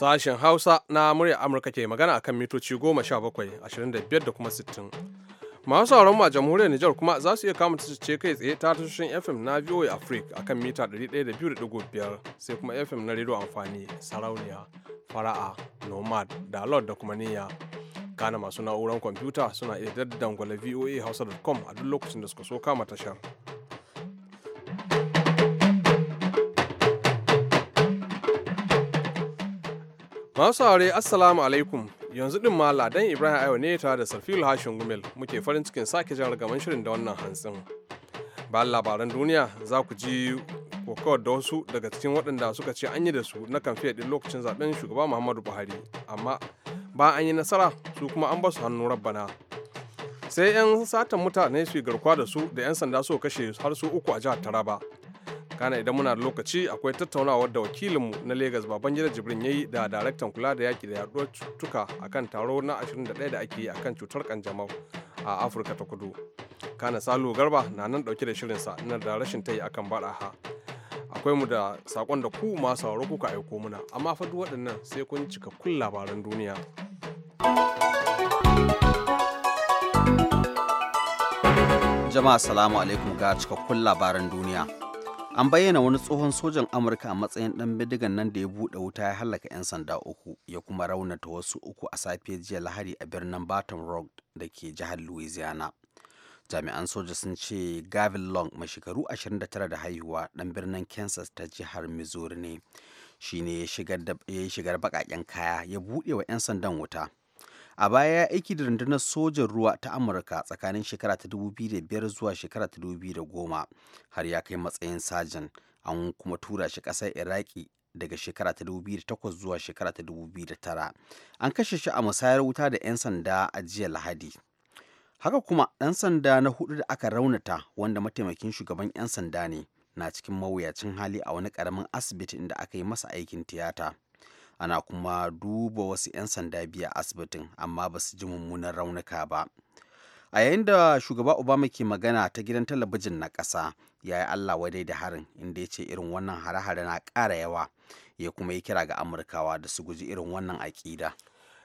Sashen Hausa na murya Amurka ke magana akan mitoci 17, 25 da kuma 60. Masu sauran ma jamhuriyar Nijar kuma za su iya kama ce kai tsaye ta tashoshin FM na VOA Africa akan mita 102.5 sai kuma FM na rediyo amfani sarauniya, fara'a, nomad, da lord da kuma niyya. Kana masu na'urar kwamfuta suna iya daddangwala voa hausa.com a duk lokacin da suka so kama tashar. Masu saurare Assalamu alaikum. Yanzu din ma Ladan Ibrahim Ayo ne tare da Sarfilu Hashin Gumel muke farin cikin sake jan ragaman shirin da wannan hantsin. Bayan labaran duniya za ku ji kokawar da wasu daga cikin waɗanda suka ce an yi da su na kamfe ɗin lokacin zaɓen shugaba Muhammadu Buhari amma ba an yi nasara su kuma an basu hannu rabbana. Sai 'yan satan mutane su garkuwa da su da 'yan sanda su kashe har su uku a jihar Taraba. kana idan muna da lokaci akwai tattaunawar da wakilinmu na Legas Babangida Jibrin ya yi da daraktan kula da yaki da yaduwar a kan taro na 21 da ake yi kan cutar kanjamau a Afirka ta Kudu. Kana Salo Garba na nan dauke da shirin sa na da rashin tayi akan baraha. Akwai mu da sakon da ku masu sauraro kuka aiko muna, amma fa duk waɗannan sai kun cika kun labaran duniya. Jama'a salamu alaikum ga cikakkun labaran duniya. an bayyana wani tsohon sojan amurka a matsayin dan bidigan nan da ya buɗe wuta ya halaka 'yan sanda uku ya kuma raunata wasu uku a safiyar jiya lahari a birnin baton rouge da ke jihar louisiana jami'an soja sun ce gavin long mai shekaru 29 da haihuwa dan birnin kansas ta jihar missouri ne shi ne ya shigar baƙaƙen kaya ya buɗe wa 'yan sandan wuta a baya ya aiki da rundunar sojan ruwa ta amurka tsakanin shekara ta 2005 zuwa shekara ta 2010 har ya kai matsayin sajan an kuma tura shi ƙasar iraki daga shekara ta 2008 zuwa shekara ta 2009 an kashe shi a musayar wuta da 'yan sanda a jiya lahadi haka kuma ɗan sanda na hudu da aka raunata wanda mataimakin shugaban 'yan sanda ne na cikin mawuyacin hali a wani ƙaramin asibiti inda aka yi masa aikin tiyata. ana kuma duba wasu 'yan sanda biya asibitin amma ba su ji mummunan raunuka ba a yayin da shugaba obama ke magana ta gidan talabijin na ƙasa ya yi allah wadai da harin inda ya ce irin wannan hare-hare na ƙara yawa ya kuma yi kira ga amurkawa da su guji irin wannan aƙida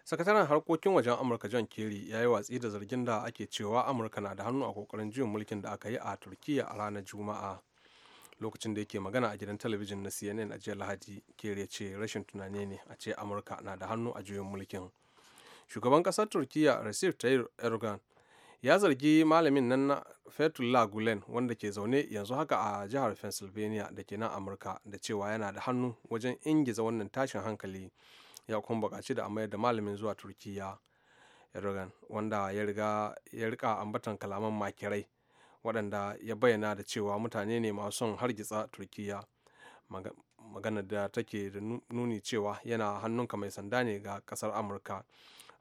sakataren harkokin wajen amurka john kerry ya yi watsi da zargin da ake cewa amurka na da hannu a kokarin juyin mulkin da aka yi a turkiya a ranar juma'a lokacin da yake magana a gidan talabijin na cnn a jiya lahadi kere ce rashin tunani ne a ce amurka na da hannu a juyin mulkin shugaban kasar turkiya recep tayyip erdogan ya zargi malamin nan na fetullah gulen wanda ke zaune yanzu haka a jihar pennsylvania da ke nan amurka da cewa yana da hannu wajen ingiza wannan tashin hankali ya kuma bukaci da amayar da malamin zuwa turkiya erdogan wanda ya riga ya rika ambatan kalaman makirai waɗanda ya bayyana da cewa mutane ne masu son hargitsa turkiya magana da take da nuni cewa yana hannunka mai sanda ne ga ƙasar amurka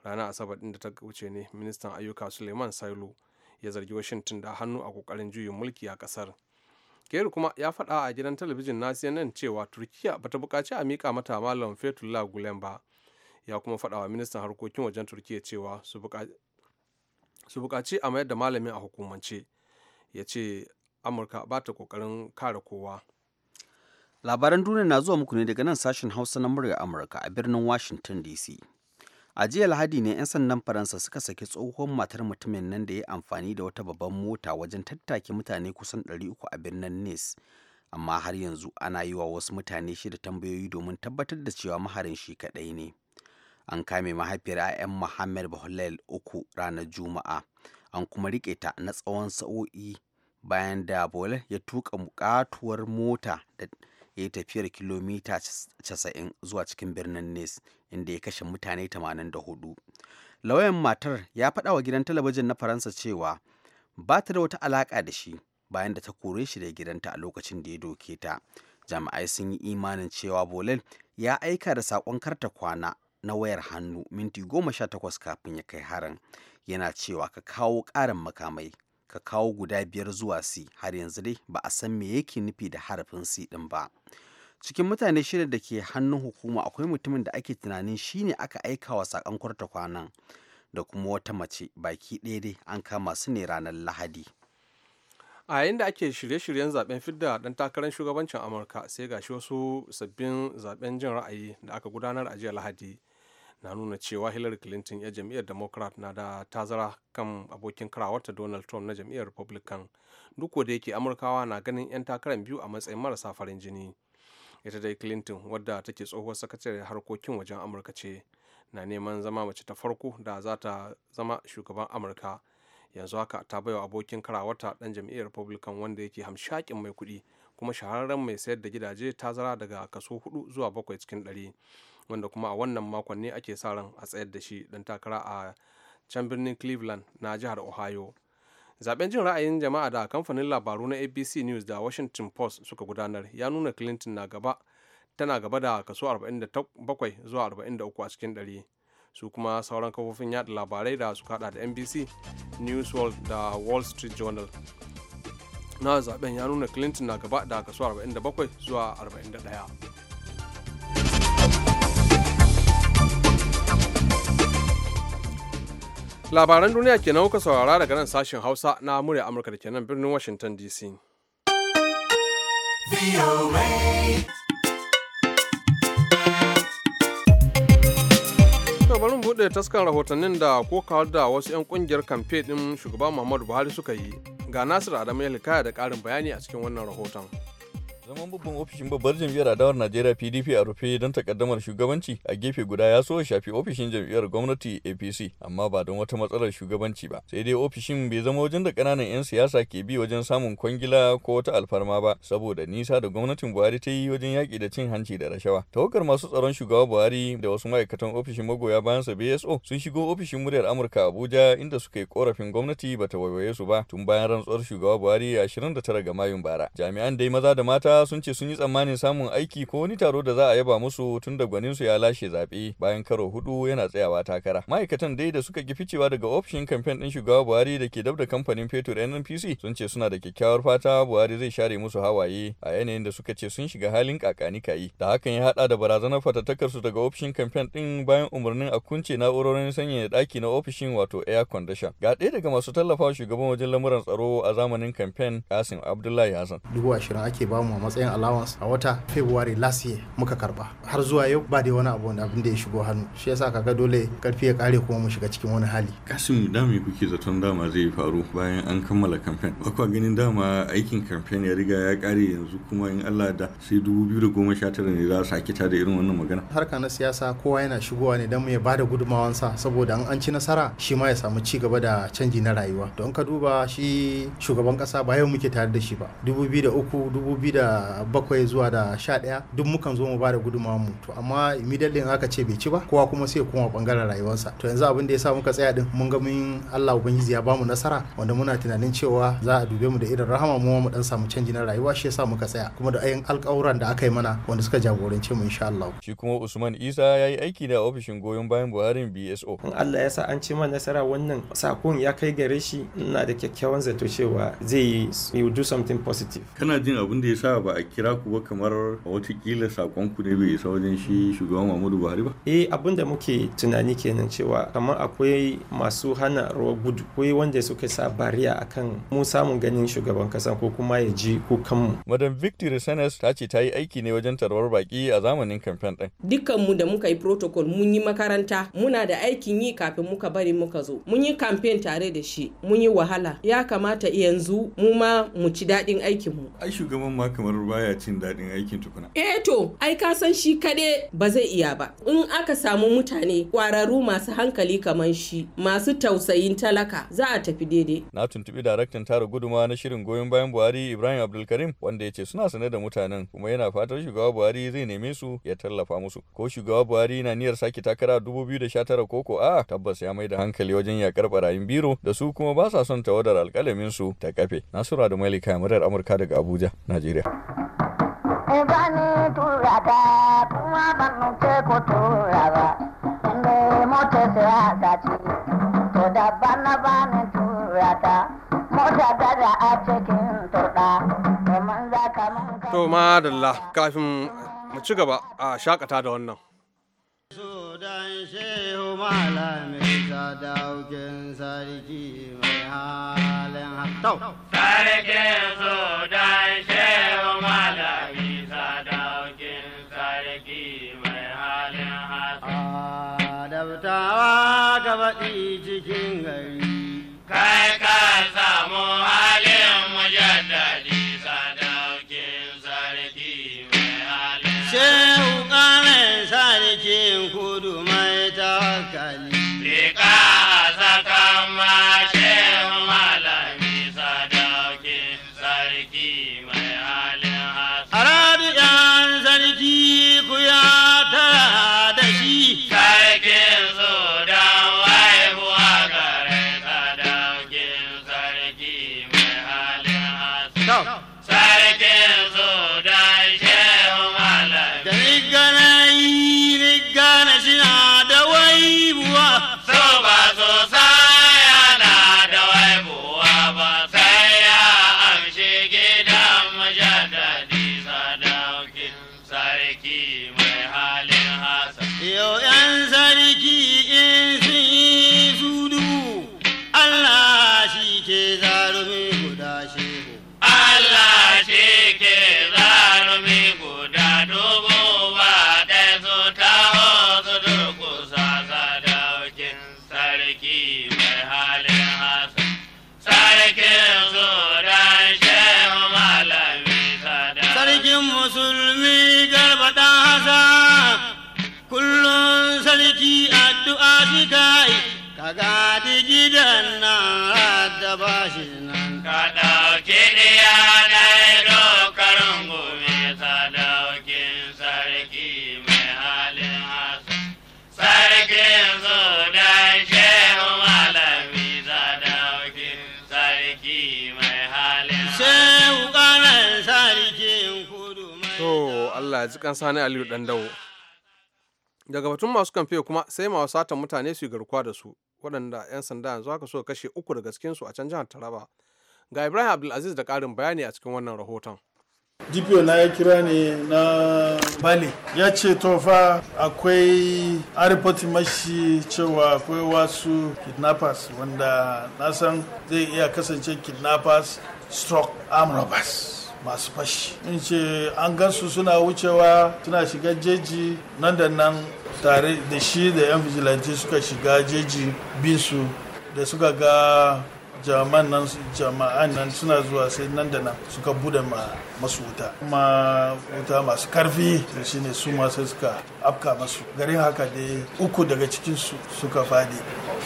ranar asabar ɗin da ta wuce ne ministan ayyuka suleiman sailu ya zargi washington da hannu a kokarin juyin mulki a ƙasar. keri kuma ya faɗa a gidan talabijin na cnn cewa turkiya bata buƙaci a miƙa mata malam fetullah gulen ba ya kuma faɗa wa ministan harkokin wajen turkiya cewa su buƙaci a mayar da malamin a hukumance ya ce amurka ba ta kokarin kare kowa labaran duniya na zuwa muku ne daga nan sashen hausa na murya amurka a birnin washington dc a jiya lahadi ne 'yan sandan faransa suka saki tsohon matar mutumin nan da ya amfani da wata babban mota wajen tattake mutane kusan 300 a birnin nice amma har yanzu ana yi wa wasu mutane shida tambayoyi domin tabbatar da cewa maharin shi kaɗai ne an kame mahaifiyar 'ya'yan muhammad bahlal uku ranar juma'a an kuma riƙe ta na tsawon sa'o'i bayan da bole ya tuka mukatuwar mota da ya yi tafiyar kilomita 90 zuwa cikin birnin nes inda ya kashe mutane 84 lauyan matar ya faɗa wa gidan talabijin na faransa cewa ba ta da wata alaƙa da shi bayan da ta kore shi da gidanta a lokacin da ya doke ta jami'ai sun yi imanin cewa bolin ya aika da saƙon karta kwana na wayar hannu minti goma sha takwas kafin ya kai harin yana cewa ka kawo ƙarin makamai ka kawo guda biyar zuwa C har yanzu dai ba a san me yake nufi da harafin C din ba. Cikin mutane shirin da ke hannun hukuma akwai mutumin da ake tunanin shi ne aka aika wa sakon kwarta kwanan da kuma wata mace baki ɗaya dai an kama su ne ranar Lahadi. a yayin da ake shirye-shiryen zaben fidda dan takarar shugabancin amurka sai gashi wasu sabbin zaben jin ra'ayi da aka gudanar a jiya lahadi na nuna cewa hillary clinton ya jam'iyyar democrat na da tazara kan abokin karawarta donald trump na jam'iyyar republican duk da yake amurkawa na ganin 'yan takarar biyu a matsayin marasa farin jini ita dai clinton wadda take tsohuwar sakatare harkokin wajen amurka ce na neman zama mace ta farko da za ta zama shugaban amurka yanzu haka ta baiwa abokin karawarta dan jam'iyyar republican wanda yake hamshakin mai kuɗi kuma shahararren mai sayar da gidaje tazara daga kaso hudu zuwa bakwai cikin 100 wanda kuma a wannan makon ne ake sa ran a tsayar da shi dan takara a can birnin cleveland na jihar ohio zaben jin ra'ayin jama'a da kamfanin labaru na abc news da washington post suka gudanar ya nuna clinton na gaba tana gaba da kaso 47 zuwa 43 a cikin 100 su kuma sauran kafofin yada labarai da suka hada da nbc news world da wall street journal na zaben ya nuna clinton na gaba da kaso 47 zuwa 41 labaran duniya ke kuka saurara daga nan sashen hausa na murya amurka da kenan birnin washington dc bari buɗe taskan rahotannin da kawar da wasu 'yan kungiyar kamfe ɗin shugaban muhammadu buhari suka yi ga nasiru adamu ya da ƙarin bayani a cikin wannan rahoton Zaman babban ofishin babbar jam'iyyar adawar Najeriya PDP a rufe don takaddamar shugabanci a gefe guda ya so shafi ofishin jam'iyyar gwamnati APC amma ba don wata matsalar shugabanci ba. Sai dai ofishin bai zama wajen da kananan 'yan siyasa ke bi wajen samun kwangila ko wata alfarma ba saboda nisa da gwamnatin Buhari ta yi wajen yaƙi da cin hanci da rashawa. Tawagar masu tsaron shugaba Buhari da wasu ma'aikatan ofishin magoya bayansa BSO sun shigo ofishin muryar Amurka Abuja inda suka yi korafin gwamnati bata waiwaye su ba tun bayan rantsuwar shugaba Buhari 29 ga Mayun bara. Jami'an dai maza da mata Kaduna sun ce sun yi tsammanin samun aiki ko wani taro da za a yaba musu tun da gwaninsu ya lashe zaɓe bayan karo hudu yana tsayawa takara. Ma'aikatan dai da suka ki ficewa daga ofishin kamfen ɗin shugaba Buhari da ke dab da kamfanin fetur NNPC sun ce suna da kyakkyawar fata Buhari zai share musu hawaye a yanayin da suka ce sun shiga halin kakani kayi. Da hakan ya haɗa da barazanar fatattakarsu daga ofishin kamfen ɗin bayan umarnin a kunce na'urorin sanyaya ɗaki na ofishin wato air condition. Ga ɗaya daga masu tallafawa shugaban wajen lamuran tsaro a zamanin kamfen Kasim Abdullahi Hassan. Dubu ashirin ake bamu matsayin allowance a wata february last year muka karba har zuwa yau ba da wani abu wanda abin da ya shigo hannu shi yasa kaga dole karfi ya kare kuma mu shiga cikin wani hali kasim dami kuke zaton dama zai faru bayan an kammala campaign ba kwa ganin dama aikin campaign ya riga ya kare yanzu kuma in Allah da sai 2019 ne za a sake ta da irin wannan magana harka na siyasa kowa yana shigowa ne don mu ya bada sa saboda an an ci nasara shi ma ya samu ci gaba da canji na rayuwa don ka duba shi shugaban kasa ba yau muke tare da shi ba 2003 2000 bakwai zuwa da sha ɗaya duk mukan zo mu ba da gudunmawa mu to amma immediately in aka ce bai ci ba kowa kuma sai ya koma bangaren rayuwarsa to yanzu abin da ya sa muka tsaya din mun ga mun Allah ubangiji ya bamu nasara wanda muna tunanin cewa za a dube mu da irin rahama mu mu dan samu canji na rayuwa shi yasa muka tsaya kuma da ayin alƙawuran da aka yi mana wanda suka jagorance mu insha Allah shi kuma Usman Isa ya yi aiki da ofishin goyon bayan Buhari BSO in Allah ya sa an ci mana nasara wannan sakon ya kai gare shi ina da kyakkyawan zato cewa zai yi do something positive kana jin abin da ya sa ba a kira ku ba kamar watakila sakon ku ne bai isa wajen shi shugaban Muhammadu Buhari ba? Eh abin da muke tunani kenan cewa kamar akwai masu hana ruwa gudu akwai wanda suka sa bariya akan mu samun ganin shugaban kasa ko kuma ya ji kukanmu. Madam Victory Senes ta ce ta yi aiki ne wajen tarwar baki a zamanin kamfen ɗin. Dukkanmu da muka yi protocol mun yi makaranta muna da aikin yi kafin muka bari muka zo. Mun yi kamfen tare da shi mun yi wahala ya kamata yanzu mu ma mu ci daɗin aikinmu. Ai shugaban ma kamar kamar baya cin daɗin aikin tukuna. Eh to, ai ka san shi kaɗai ba zai iya ba. In aka samu mutane ƙwararru masu hankali kamar shi, masu tausayin talaka za a tafi daidai. Na tuntuɓi daraktan tara guduma na shirin goyon bayan Buhari Ibrahim Abdulkarim wanda ya ce suna sane da mutanen kuma yana fatan shugaba Buhari zai neme su ya tallafa musu. Ko shugaba Buhari na niyyar sake takara 2019 ko ko a tabbas ya mai da hankali wajen yakar barayin biro da su kuma ba sa son tawadar alƙalamin su ta kafe. Nasura da Malika Murar Amurka daga Abuja, Najeriya. Eh, bani tura kuma ban ce ko tura ba inda mota siyasa ce to da bana bani turata ta mota gada a cikin turɗa man za ka mun ka to madalla kafin mu ci gaba a shakata da wannan Sudan shehu malami ta daukin sarki mai halin hattau. Sarkin ka ba shi nan. Ka ɗauki ɗiya na dokarin gome ta ɗaukin sarki mai halin hasa. Sarkin su dan shehu malami ta ɗaukin sarki mai halin hasa. Shehu ƙanan sarkin kudu mai. To Allah ya ji kan sani Aliyu Ɗandawo. daga batun masu kamfe kuma sai ma satan mutane su yi garkuwa da su waɗanda 'yan sanda yanzu haka suka kashe uku daga su a can jihar taraba ga ibrahim abdulaziz da ƙarin bayani a cikin wannan rahoton dpo na ya kira ne na bale ya ce tofa akwai a ripoti mashi cewa akwai wasu kidnappers wanda nasan zai iya kasance kidnappers stroke arm robbers masu fashi in ce an gansu suna wucewa suna shiga jeji nan da nan tare da shi da yan vigilante suka shiga jeji bin su da suka ga jama'an nan jama'an nan suna zuwa sai nan da nan suka bude ma masu wuta kuma wuta masu karfi shine su ma sai suka afka masu garin haka dai uku daga cikin su suka fadi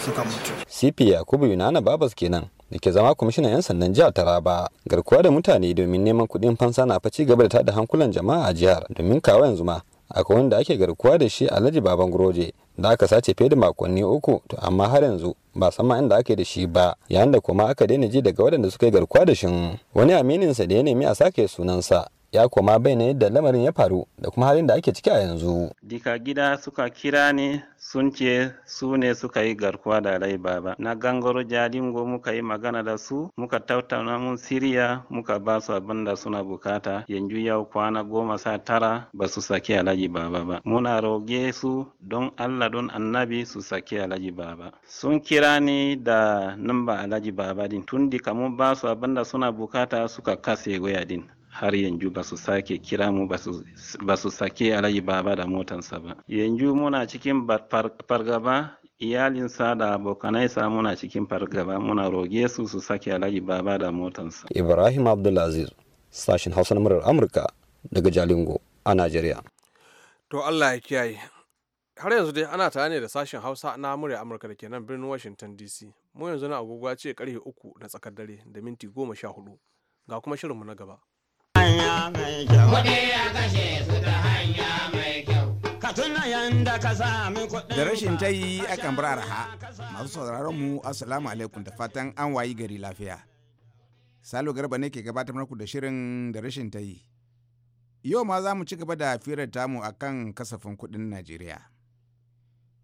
suka mutu CP Yakubu Yunana Babas kenan da ke zama kwamishinan 'yan sandan jihar Taraba garkuwa da mutane domin neman kuɗin fansa na fa ci gaba da tada hankulan jama'a a jihar domin kawo yanzu ma akwai wanda ake garkuwa da shi alhaji baban guroje da aka sace fiye da makonni uku to amma har yanzu ba sama inda ake da shi ba yayin da kuma aka daina ji daga waɗanda suka yi garkuwa da shin wani aminin sa da ya nemi a sake sunansa ya koma bayyana yadda lamarin ya faru da kuma halin da ake ciki a yanzu. Dika gida suka kira ni sun ce su ne suka yi garkuwa da rai baba. Na gangaro jalingo muka yi magana da su muka tattauna mun siriya muka ba su abin da suna bukata yanzu yau kwana goma sa tara ba su saki alaji baba ba. Muna roge su don Allah don annabi su saki alaji baba. Sun kira ni da namba alaji baba din tun dika mun ba su abin da suna bukata suka kase waya din. har yanzu ba su sake kira mu ba su sake alayi baba da motansa ba yanzu muna cikin fargaba iyalinsa da abokanaisa muna cikin fargaba muna roge su su sake alayi baba da motansa ibrahim abdulaziz sashen hausa na murar amurka daga jalingo a najeriya to allah ya kiyaye har yanzu dai ana tare ne da sashen hausa na murya amurka da ke nan birnin washington dc mu yanzu na agogo ce karfe uku na tsakar dare da minti goma sha hudu ga kuma shirinmu na gaba hanya mai kyau. Kuɗi a kashe su ta hanya mai kyau. Ka tuna yanda ka sami kuɗin. Da rashin ta yi akan bar arha. Masu sauraron mu assalamu alaikum da fatan an wayi gari lafiya. Salo Garba ne ke gabatar muku da shirin da rashin ta yi. Yau ma za mu ci gaba da firar tamu kan kasafin kuɗin Najeriya.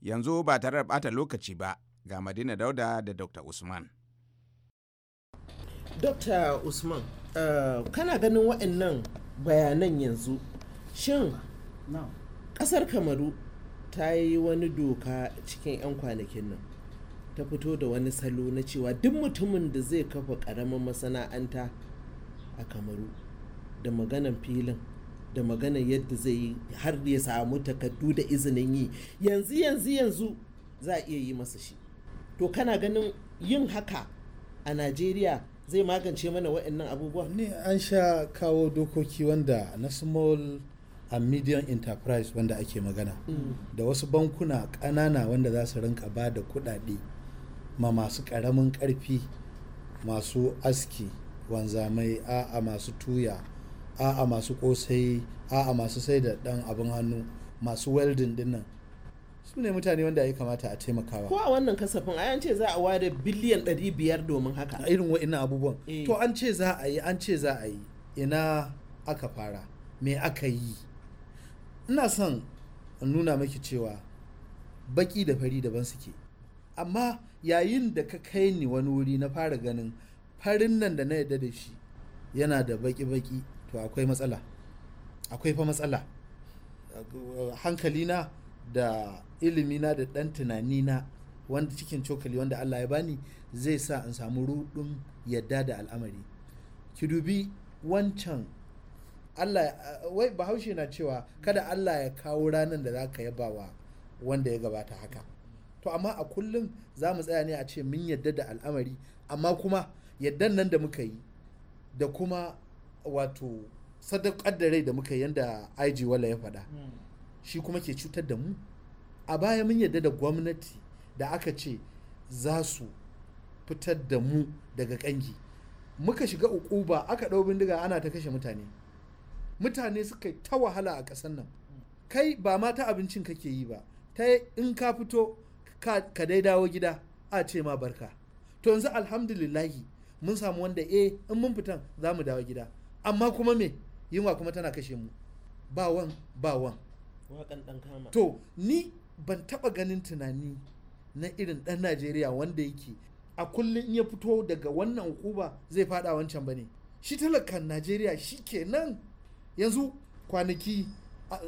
Yanzu ba tare da ɓata lokaci ba ga Madina Dauda da Dr. Usman. Dr. Usman, Eh, kana ganin waɗannan bayanan yanzu shin ƙasar kamaru ta yi wani doka cikin 'yan kwanakin nan ta fito da wani salo na cewa duk mutumin da zai kafa ƙaramin masana'anta a kamaru da maganan filin da maganan yadda zai yi har ya samu takardu da izinin yi yanzu yanzu yanzu za a iya yi masa shi to kana ganin yin haka a najeriya zai magance mana waɗannan abubuwa ne an sha kawo dokoki wanda na small and medium enterprise wanda ake magana mm. da wasu bankuna ƙanana wanda za su rinka ba da kuɗaɗe ma masu ƙaramin ƙarfi masu aski wanzamai a'a masu tuya a'a masu ƙosai a'a masu sai da ɗan abin hannu masu welding dinnan su ne mutane wanda ya kamata a taimakawa ko a wannan kasafin a an ce za a ware biliyan 500 domin haka a irin wa'in abubuwan eh. to an ce za a yi an ce za a yi ina aka fara me aka yi ina son in nuna maki cewa baki da fari daban suke amma yayin da ka kai ni wani wuri na fara ganin farin nan da na yadda da shi yana da baki-baki to akwai matsala akwai fa matsala hankalina da ilimina da ɗan tunanina wanda cikin cokali wanda Allah ya bani zai sa in samu ruɗun yadda da al'amari ki dubi wancan Allah wai bahaushe na cewa kada Allah ya kawo ranar da zaka ka yaba wa wanda ya gabata haka to amma a kullum za mu tsaya ne a ce mun yadda da al'amari amma kuma yaddan nan da muka yi da kuma wato sadaukar da rai da muka yi yadda IG wala ya faɗa. Hmm. shi kuma ke cutar da mu a baya mun yarda da gwamnati da aka ce za su fitar da mu daga kangi muka shiga ukuba aka ɗau bindiga ana ta kashe mutane mutane suka yi ta wahala a ƙasar nan kai ba ma ta abincin kake yi ba ta in ka fito ka dai dawo gida a ce ma barka to yanzu alhamdulillahi mun samu wanda e in mun fitan za mu dawo gida amma kuma me yunwa kuma tana kashe mu ba wan ba wan to ni ban taba ganin tunani na irin dan najeriya wanda yake a kullum ya fito daga wannan hukuma zai fada wancan bane shi talakan najeriya shi kenan yanzu kwanaki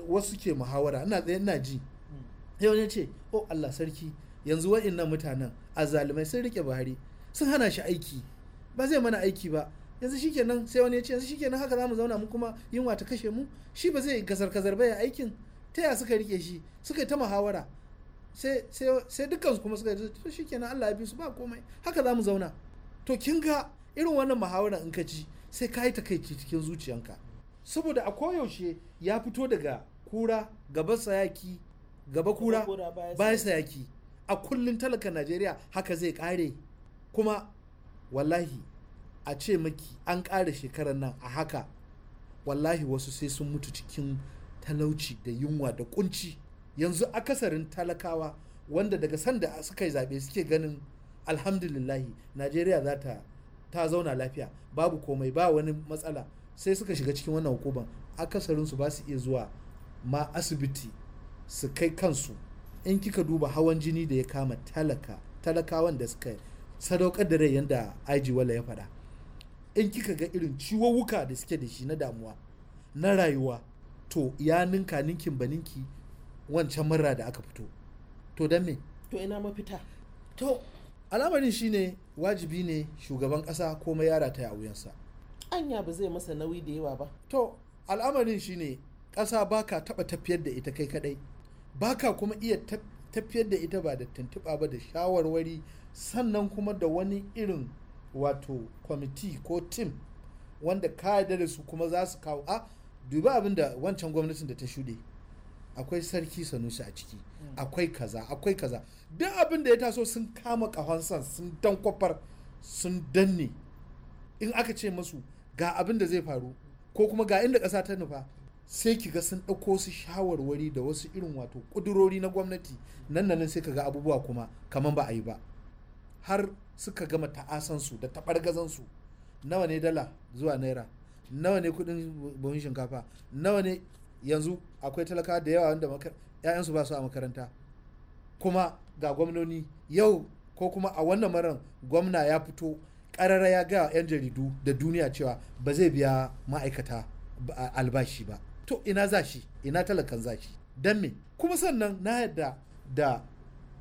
wasu ke muhawara ina tsaye ina ji hmm. yau ne ce oh allah sarki yanzu wa'innan mutanen azalimai sun rike buhari sun hana shi aiki ba zai mana aiki ba yanzu shikenan sai wani ya ce yanzu shikenan haka za mu zauna mu kuma yunwa ta kashe mu shi ba zai gazar-gazar ba ya aikin ta ya suka rike shi suka yi ta muhawara sai dukansu kuma suka yi to kenan Allah ya bi su ba komai haka za mu zauna to kin ga irin wannan muhawara in ka ci sai ka yi kai cikin zuciyanka saboda a koyaushe ya fito daga kura gaba sayaki gaba kura baya sayaki a kullun talaka Najeriya haka zai kare kuma wallahi a ce maki an ƙara shekarar nan a haka wallahi wasu sai sun mutu cikin talauci da yunwa da kunci yanzu akasarin talakawa wanda daga sanda suka yi zaɓe suke ganin alhamdulillahi najeriya za ta ta zauna lafiya babu komai ba wani matsala sai suka shiga cikin wannan hukuman akasarinsu ba su iya zuwa ma asibiti su kai kansu in kika duba hawan jini da ya kama talaka talakawan da suka sadaukar da rai yadda aiji wala ya faɗa in kika ga irin ciwowuka da suke da shi na damuwa na rayuwa to ya ninka ninkin baninki wancan murra da aka fito to don me to ina mafita to al'amarin shine wajibi ne shugaban ƙasa ko mai yara ta wuyansa anya ba zai masa nauyi da yawa ba to al'amarin shine ƙasa ka taɓa tafiyar da ita kai kadai ka kuma iya tafiyar da ita ba da tuntuɓa ba da shawarwari sannan kuma da wani irin wato kwamiti ko tim wanda ka da su kuma za su kawo a dubi abin da wancan gwamnatin da ta shuɗe akwai sarki sanusi a ciki mm. akwai kaza akwai kaza duk abin da ya taso sun kama kahonsan sun dan kwafar sun danne in aka ce masu ga abin da zai faru ko kuma ga inda ƙasa ta nufa sai ki ga sun ɗauko su shawarwari da wasu irin wato ƙudurori na gwamnati nan nan sai ka ga abubuwa kuma kamar ba a yi ba har suka gama ta'asansu da taɓargazansu nawa ne dala zuwa naira nawa ne kudin buhun shinkafa nawa ne yanzu akwai talaka da yawa wanda ‘ya'yansu ba su a makaranta kuma ga gwamnoni yau ko kuma a wannan maran gwamna ya fito ƙarara ya ga 'yan jaridu da duniya cewa ba zai biya ma'aikata albashi ba to ina zashi ina talakan zashi. Dan don me kuma sannan na yadda da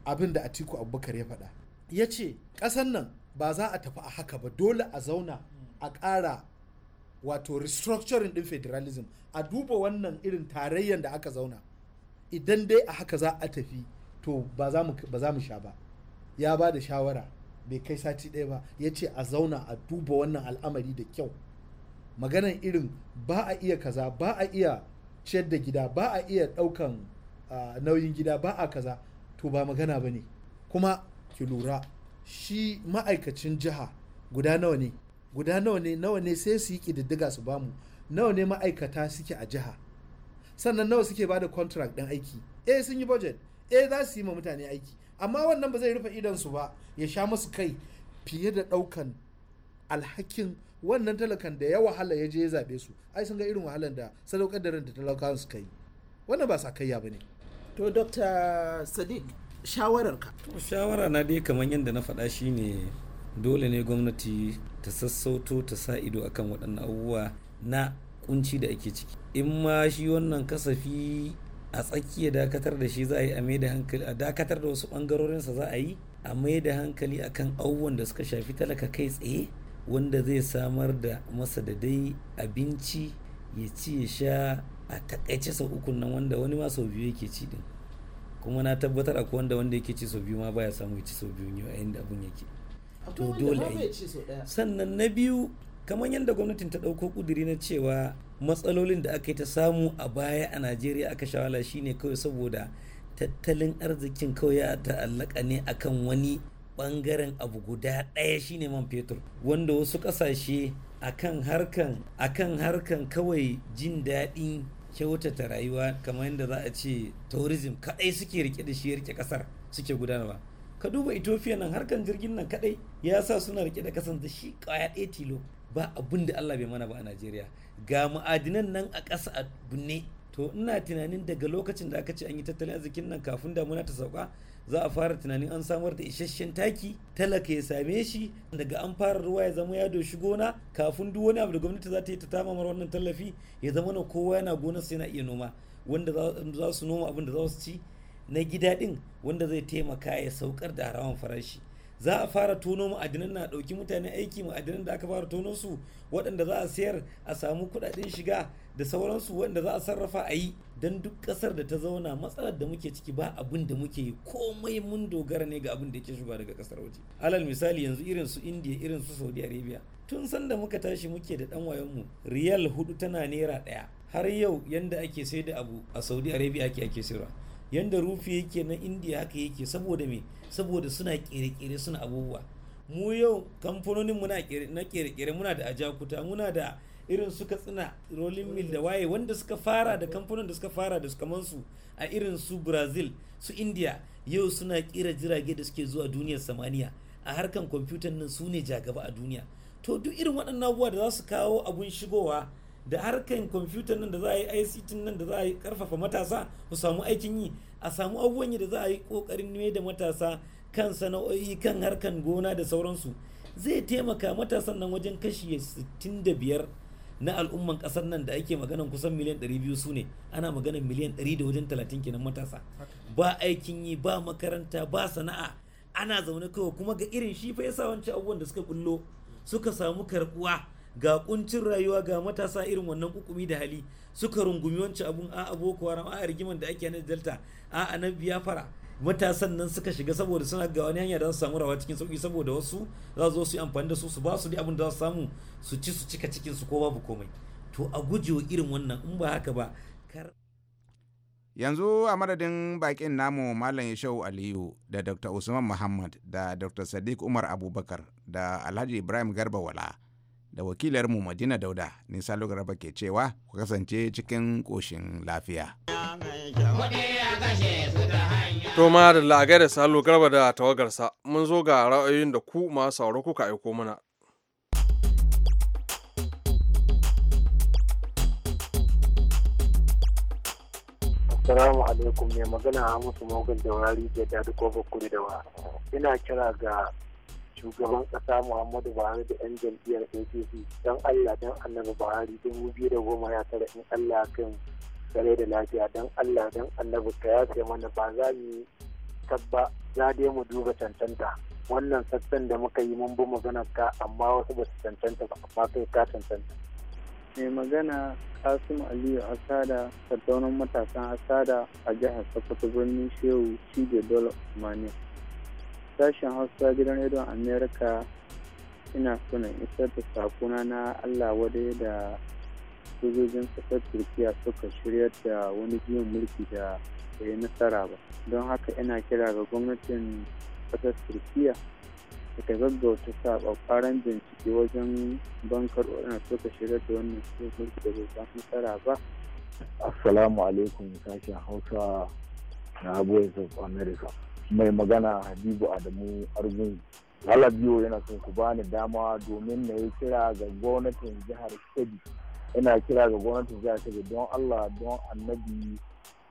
abin da atiku abubakar ya faɗa ya ce ƙasan nan ba za a tafi a haka ba dole a zauna a ƙara wato restructuring din federalism a duba wannan irin tarayyar da aka zauna idan dai a haka za a tafi to ba za mu sha ba ya ba da shawara bai kai sati ɗaya ba ya ce a zauna a duba wannan al'amari da kyau maganan irin ba a iya kaza ba a iya ciyar da gida ba a iya ɗaukan nauyin gida ba a kaza to ba magana ba ne kuma ki lura shi ma'aikacin jiha guda nawa ne guda nawa ne nawa ne sai su yi kididdiga su bamu nawa ne ma'aikata suke a jiha sannan nawa suke bada contract ɗin aiki eh sun yi budget eh za su yi ma mutane aiki amma wannan ba zai rufe idon su ba ya sha musu kai fiye da ɗaukan alhakin wannan talakan da ya wahala ya je ya zaɓe su ai sun ga irin wahalan da sadaukar da ranta talakawan su kai wannan ba sakayya ba ne to dr sadiq shawararka shawara na dai kamar yadda na faɗa shine dole ne gwamnati ta sassauto ta sa ido akan waɗannan abubuwa na kunci da ake ciki in ma shi wannan kasafi a tsakiya dakatar da shi za a yi a mai da hankali a dakatar da wasu ɓangarorinsa za a yi a mai da hankali akan abubuwan da suka shafi talaka kai tsaye wanda zai samar da masa da dai abinci ya ci ya sha a takaice sau uku nan wanda wani ma sau biyu yake ci din kuma na tabbatar akwai wanda wanda yake ci sau biyu ma baya samu ya ci sau biyu yayin da abun yake to dole sannan na biyu kamar yadda gwamnatin ta ɗauko kuduri na cewa matsalolin da aka yi ta samu a baya a najeriya aka shawala shine kawai saboda tattalin arzikin kawai ya ta'allaka ne akan wani bangaren abu guda ɗaya shine man fetur wanda wasu ƙasashe akan harkan akan harkan kawai jin daɗin kyautata rayuwa kamar yadda za a ce tourism kaɗai suke rike da shi rike ƙasar suke gudanarwa ka duba ethiopia nan harkan jirgin nan kadai ya sa suna rike da kasan da shi kaya ɗaya tilo ba abun da allah bai mana ba a najeriya ga ma'adinan nan a ƙasa a bunne to ina tunanin daga lokacin da aka ce an yi tattalin arzikin nan kafin damuna ta sauka za a fara tunanin an samar da isasshen taki talaka ya same shi daga an fara ruwa ya zama ya doshi gona kafin duk wani abu da gwamnati za ta yi ta tamamar wannan tallafi ya zama na kowa yana gonarsa yana iya noma wanda za su noma abin da za su ci na gida din wanda zai taimaka ya saukar da harawan farashi za a fara tono ma'adinan na ɗauki mutane aiki ma'adinan da aka fara tono su waɗanda za a sayar a samu kuɗaɗen shiga da sauransu waɗanda za a sarrafa a yi don duk ƙasar da ta zauna matsalar da muke ciki ba abin da muke yi komai mun dogara ne ga abin da yake shiga daga ƙasar waje alal misali yanzu irin su indiya irin su saudi arabia tun sanda muka tashi muke da ɗan wayonmu riyal hudu tana naira ɗaya har yau yanda ake sai da abu a saudi arabia ake ake sayarwa yanda rufi yake na indiya haka yake saboda me saboda suna kere-kere suna abubuwa mu yau kamfanonin muna na kere-kere muna da ajakuta muna da irin su katsina rolling mill da waye wanda suka fara da kamfanon da suka fara da suka su a irin su brazil su india yau suna kira jirage da suke zuwa duniyar samaniya a harkan kwamfutan nan su ne jagaba a duniya to duk irin waɗannan abubuwa da za su kawo abun shigowa da harkan kwamfuta nan da za a yi ict nan da za a yi karfafa matasa su samu aikin yi a samu abubuwan yi da za a yi kokarin ne da matasa kan sana'o'i kan harkan gona da sauransu zai taimaka matasan nan wajen kashi 65 na al'umman kasar nan da ake maganan kusan miliyan 200 su ne ana maganan miliyan 100 da wajen 30 kenan matasa ba aikin yi ba makaranta ba sana'a ana zaune kawai kuma ga irin shi fa yasa wancan abubuwan da suka kullo suka samu karbuwa ga kuncin rayuwa ga matasa irin wannan kukumi da hali suka rungumi wancan abun a boko haram a rigiman da ake na delta a na biyafara matasan nan suka shiga saboda suna ga wani hanya don su samu rawa cikin sauki saboda wasu za su zo su yi amfani da su su ba su da abin da za su samu su ci su cika cikin su ko babu komai to a gujewa irin wannan in ba haka ba yanzu a madadin bakin namu malam yashau aliyu da dr usman muhammad da dr sadiq umar abubakar da alhaji ibrahim garba wala da wakilarmu madina dauda nisa lugaraba ke cewa ku kasance cikin ƙoshin lafiya to ma da la'agai da salo garba da tawagarsa mun zo ga ra'ayoyin da ku ma sauro kuka aiko mana Assalamu alaikum mai magana Hamisu Mogal da wari da dadi ko bakuri da wa. Ina kira ga shugaban kasa muhammadu buhari da yan jam'iyyar apc don allah don annabi buhari dubu biyu da goma ya tara in allah kan tsare da lafiya don allah don annabi ka ya ce mana ba za mu tabba za dai mu duba cancanta wannan sassan da muka yi mun bi magana ka amma wasu ba su cancanta ba amma kai ka cancanta mai magana kasim aliyu asada tattaunan matasan asada a jihar sokoto birnin shehu cije dole mania sashen hausa gidan rediyon america ina so na isar da sakona na allah wadai da sojojin kasar turkiya suka shirya da wani biyun mulki da bai nasara ba don haka ina kira ga gwamnatin ƙasar turkiya da gaggauta sa ƙwaƙwaran bincike wajen bankar waɗanda suka shirya da wannan biyun mulki da bai samu nasara ba assalamu alaikum sashen hausa na abuwa of america mai magana habibu adamu arzun Allah biyo yana son ku bani dama domin na yi kira ga gwamnatin jihar kebbi ina kira ga gwamnatin jihar kebbi don allah don annabi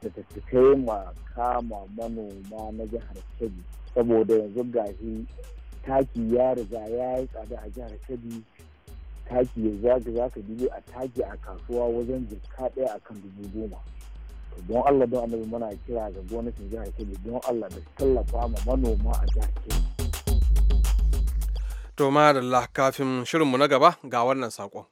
da ta fi kai ma kama manoma na jihar kebbi saboda yanzu gashi taki ya riga ya yi tsada a jihar kebbi taki ya zaka za dubi a taki a kasuwa wajen jikka ɗaya akan dubu goma don allah don annabi muna kira ga gwamnatin jihar kebbi don allah da tallafa ma manoma a jihar kebbi to ma da kafin shirinmu na gaba ga wannan sakon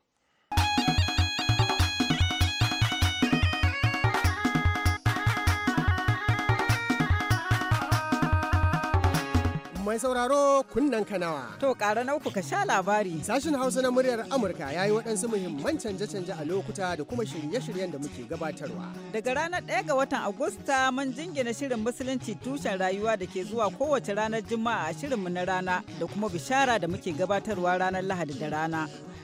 mai sauraro kunnen kanawa. To ƙara na ka sha labari. Sashen Hausa na muryar Amurka ya yi waɗansu muhimman canje-canje a lokuta da kuma shirye-shiryen da muke gabatarwa. Daga ranar 1 ga watan Agusta mun jingina shirin musulunci tushen rayuwa da ke zuwa kowace ranar Juma'a a shirinmu na rana da kuma bishara da muke gabatarwa ranar Lahadi da rana.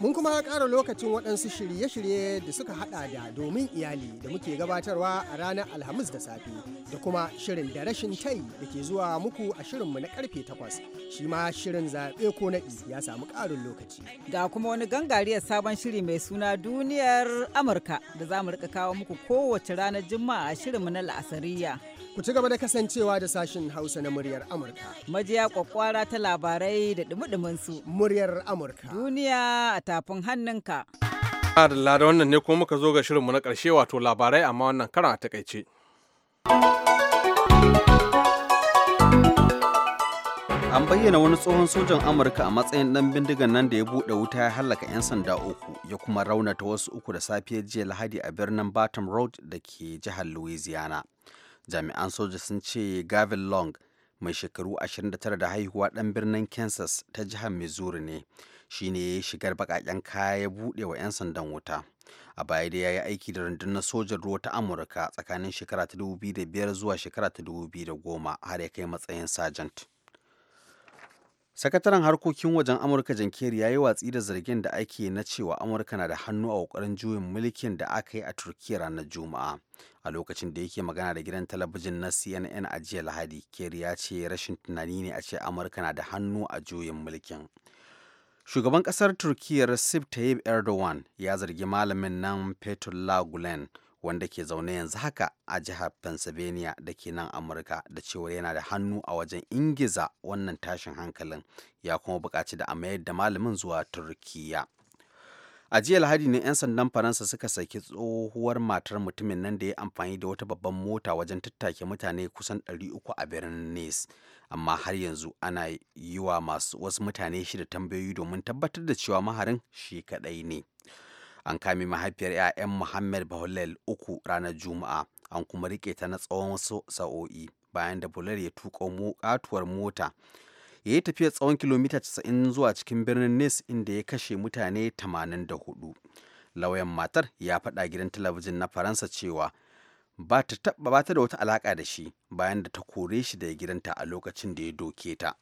Mun kuma ƙara lokacin waɗansu shirye-shirye da suka haɗa da domin iyali da muke gabatarwa a ranar Alhamis da safe da kuma shirin da rashin tai da ke zuwa muku a shirinmu na karfe takwas. Shi ma shirin zaɓe ko naɗi ya samu ƙarin lokaci. Ga kuma wani gangariyar sabon shiri mai suna duniyar Amurka da za mu rika kawo muku kowace ranar Juma'a a shirinmu na La'asariya. Ku ci gaba da kasancewa da sashin Hausa na muryar Amurka. Majiya kwakwara ta labarai da dumudumin su. Muryar Amurka. Duniya a tafin hannunka. Adalla da wannan ne kuma muka zo ga shirinmu na ƙarshe wato labarai amma wannan karan a takaice. An bayyana wani tsohon sojan Amurka a matsayin ɗan bindigan nan da ya buɗe wuta ya hallaka 'yan sanda uku ya kuma raunata wasu uku da safiyar jiya Lahadi a birnin Baton Road da ke jihar Louisiana. jami'an soja sun ce gavin long mai shekaru 29 da haihuwa ɗan birnin kansas ta jihar missouri ne shi ne ya shigar baƙaƙen kaya ya buɗe wa 'yan sandan wuta a baya da ya yi aiki da rundunar sojan ruwa ta amurka tsakanin shekara ta 2005 zuwa shekara ta 2010 har ya kai matsayin sergeant sakataren harkokin wajen amurka jan kerry ya yi watsi da zargin da ake na cewa amurka na da hannu a kokarin juyin mulkin da aka yi a turkiya ranar juma'a a lokacin da yake magana da gidan talabijin na cnn a jiya lahadi Keri ya ce rashin tunani ne a ce amurka na da hannu a juyin mulkin shugaban kasar turkiya recep tayyip erdogan ya zargi malamin nan Fetullah gulen wanda ke zaune yanzu haka a jihar pennsylvania da ke nan amurka da cewar yana da hannu a wajen ingiza wannan tashin hankalin ya kuma bukaci da amayar da malamin zuwa turkiya a jiya lahadi ne 'yan sandan faransa suka saki tsohuwar matar mutumin nan da ya amfani da wata babban mota wajen tattake mutane kusan 300 a birnin nice amma har yanzu ana yi wa masu wasu mutane shida tambayoyi domin tabbatar da cewa maharin shi kaɗai ne an kami mahaifiyar 'ya'yan muhammad bahulel uku ranar juma'a an kuma rike ta na tsawon wasu sa'o'i bayan da bular ya tuka katuwar mota ya yi tafiya tsawon kilomita 90 zuwa cikin birnin nes inda ya kashe mutane 84 lauyan matar ya faɗa gidan talabijin na faransa cewa ba ta da wata alaƙa da shi bayan da ta kore shi daga gidanta a lokacin da ya doke ta.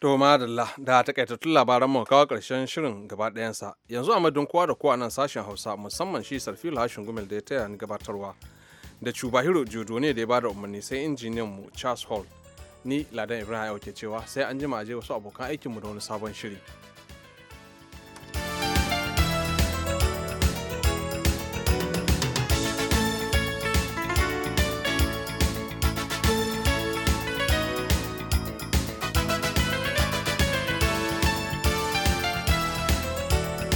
To madalla da takaitattun labaran mu kawo karshen shirin gaba ɗayansa yanzu a madun kowa da kowa nan sashen Hausa musamman shi Sarfil Hashin Gumel da ya taya ni gabatarwa da Chubahiro Jodo ne da ya bada umarni sai injiniyan mu Charles Hall ni Ladan Ibrahim ke cewa sai an jima je wasu abokan aikin mu da wani sabon shiri.